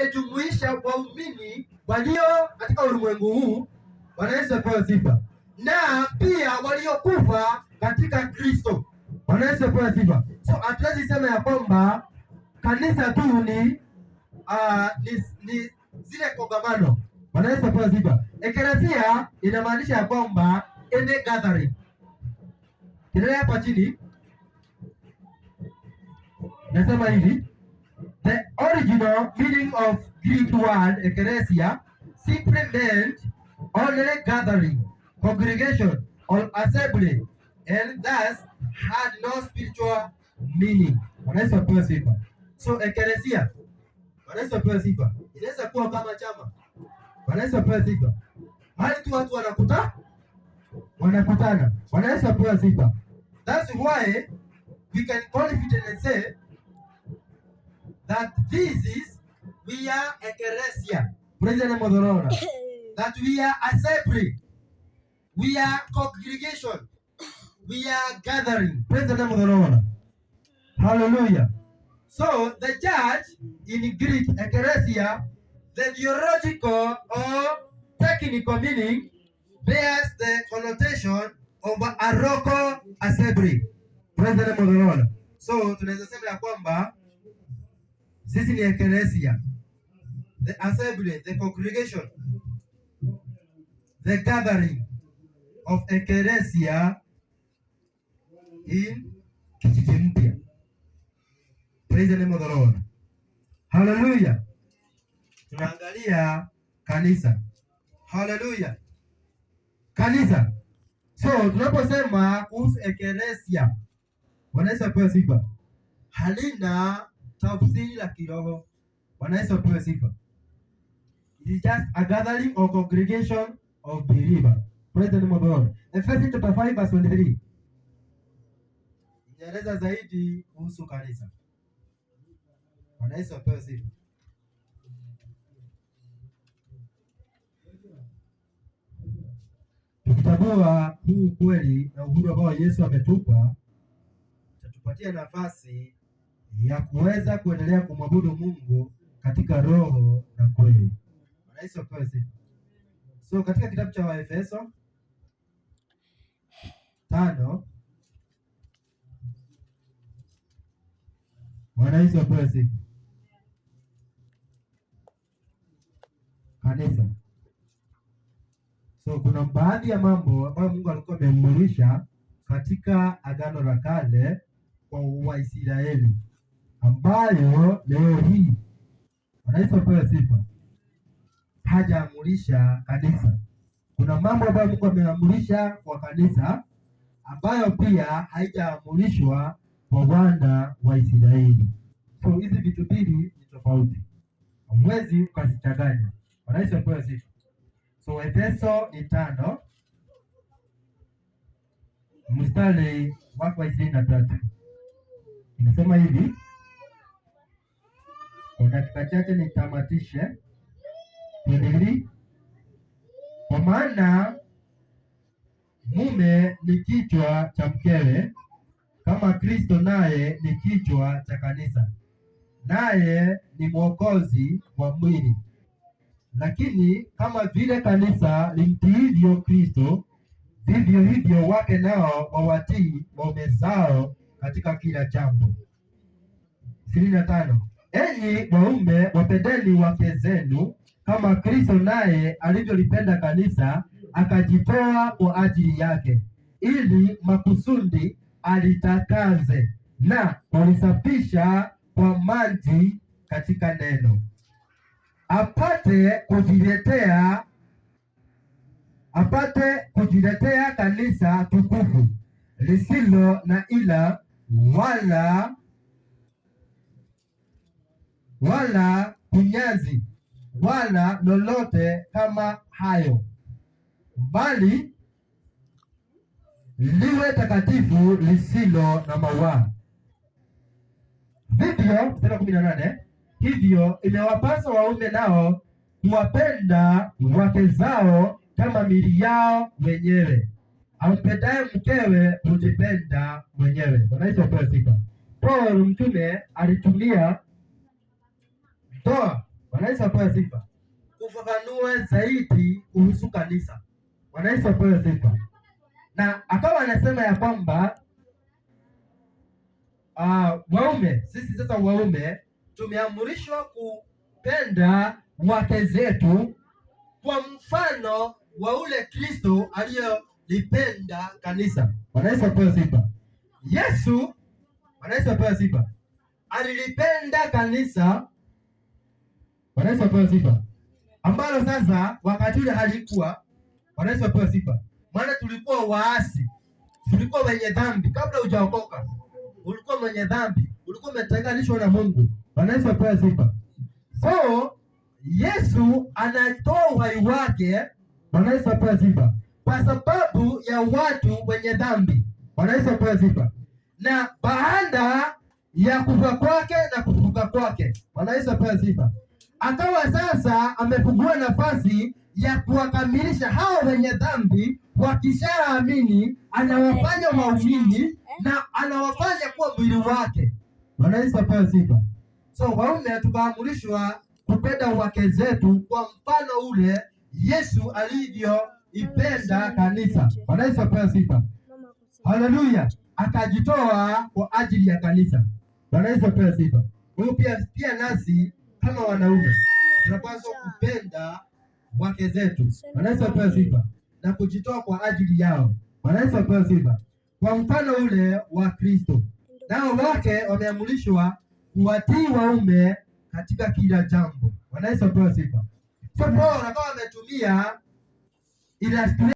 imejumuisha waumini walio katika ulimwengu huu, Bwana Yesu apewe sifa, na pia waliokufa katika Kristo. Bwana Yesu apewe sifa. So hatuwezi sema ya kwamba kanisa tu ni, uh, ni, ni zile kongamano. Bwana Yesu apewe sifa. Eklesia inamaanisha ya kwamba any gathering. Kiendelea hapa chini nasema hivi The original meaning of Greek word ecclesia simply meant only gathering, congregation, or assembly, and thus had no spiritual meaning. Wanaweza kupewa sifa. So ecclesia, wanaweza kupewa sifa. Inaweza kuwa kama chama. Wanaweza kupewa sifa. Hali tu watu wanakuta wanakutana. Wanaweza kupewa sifa. That's why we can confidently say that this is we are ecclesia. Praise the that we are assembly. We are congregation. We are gathering. Praise the Hallelujah. So the judge in Greek ecclesia, the theological or technical meaning bears the connotation of a local assembly. Praise the So tunaweza sema ya kwamba sisi ni ecclesia, the assembly, the congregation, the gathering of ecclesia in Kijiji Mpya. Praise the name of the Lord. Hallelujah. Tunaangalia kanisa. Hallelujah. Kanisa. So tunaposema kuhusu ecclesia, wanaweza pewa sifa halina tafsiri la kiroho. Bwana Yesu apewe sifa. It is just a gathering or congregation of believers. Praise the name of the Lord. Ephesians chapter 5 verse 23. Inaeleza zaidi kuhusu kanisa. Bwana Yesu apewe sifa. Tukitambua hii kweli na uhuru ambao Yesu ametupa, tatupatia nafasi ya kuweza kuendelea kumwabudu Mungu katika roho na kweli. So katika kitabu cha Waefeso tano wanaisopoesi kanisa. So kuna baadhi ya mambo ambayo Mungu alikuwa amemulisha katika Agano la Kale kwa Waisraeli ambayo leo hii rais apewe sifa hajaamurisha kanisa. Kuna mambo ambayo Mungu ameamurisha kwa kanisa ambayo pia haijaamurishwa kwa wana wa Israeli. So hizi vitu mbili ni tofauti, hamwezi ukazichanganya. Rais apewe sifa. So Efeso ni tano mstari wako ishirini na tatu inasema hivi kwa dakika chache nitamatishe hili, kwa maana mume ni kichwa cha mkewe kama Kristo naye ni kichwa cha kanisa, naye ni mwokozi wa mwili. Lakini kama vile kanisa limtiivyo Kristo, vivyo hivyo wake nao wawatii waume zao katika kila jambo. ishirini na tano. Enyi waume wapendeni wake zenu kama Kristo naye alivyolipenda kanisa akajitoa kwa ajili yake, ili makusudi alitakaze na kulisafisha kwa maji katika neno, apate kujiletea apate kujiletea kanisa tukufu lisilo na ila wala wala kunyazi wala lolote kama hayo, bali liwe takatifu lisilo na mawaa. Vivyo, sura kumi na nane, hivyo imewapasa waume nao kuwapenda wake zao kama mili yao wenyewe. Ampendaye mkewe hujipenda mwenyewe. Bwana Yesu asifiwe. Paulo mtume alitumia Toa, Bwana Yesu apewe sifa. Ufafanue zaidi kuhusu kanisa. Bwana Yesu apewe sifa. Na akawa anasema ya kwamba uh, waume sisi sasa waume tumeamurishwa kupenda wake zetu kwa mfano wa ule Kristo aliyolipenda kanisa. Bwana Yesu apewe sifa. Yesu, Bwana Yesu apewe sifa, alilipenda kanisa Bwana Yesu apewe sifa. Ambalo sasa wakati ule halikuwa. Bwana Yesu apewe sifa. Maana tulikuwa waasi. Tulikuwa wenye dhambi kabla hujaokoka. Ulikuwa mwenye dhambi, ulikuwa umetenganishwa na Mungu. Bwana Yesu apewe sifa. So Yesu anatoa uhai wake. Bwana Yesu apewe sifa. Kwa sababu ya watu wenye dhambi. Bwana Yesu apewe sifa. Na baada ya kufa kwake na kufufuka kwake. Bwana Yesu apewe sifa akawa sasa amefungua nafasi ya kuwakamilisha hao wenye dhambi. Wakishaamini anawafanya waumini na anawafanya kuwa mwili wake. Bwana Yesu apewe sifa. So waume tukaamrishwa kupenda wake zetu kwa mfano ule Yesu alivyoipenda kanisa. Bwana Yesu apewe sifa. Haleluya, akajitoa kwa ajili ya kanisa. Bwana Yesu apewe sifa. Huyu pia pia nasi kama wanaume tunapaswa kupenda wake zetu. wanaweza Yesu sifa na kujitoa kwa ajili yao. wanaweza Yesu sifa. Kwa mfano ule wa Kristo, nao wake wameamrishwa kuwatii waume katika kila jambo. wanaweza Yesu sifa. So Paul akawa ametumia ila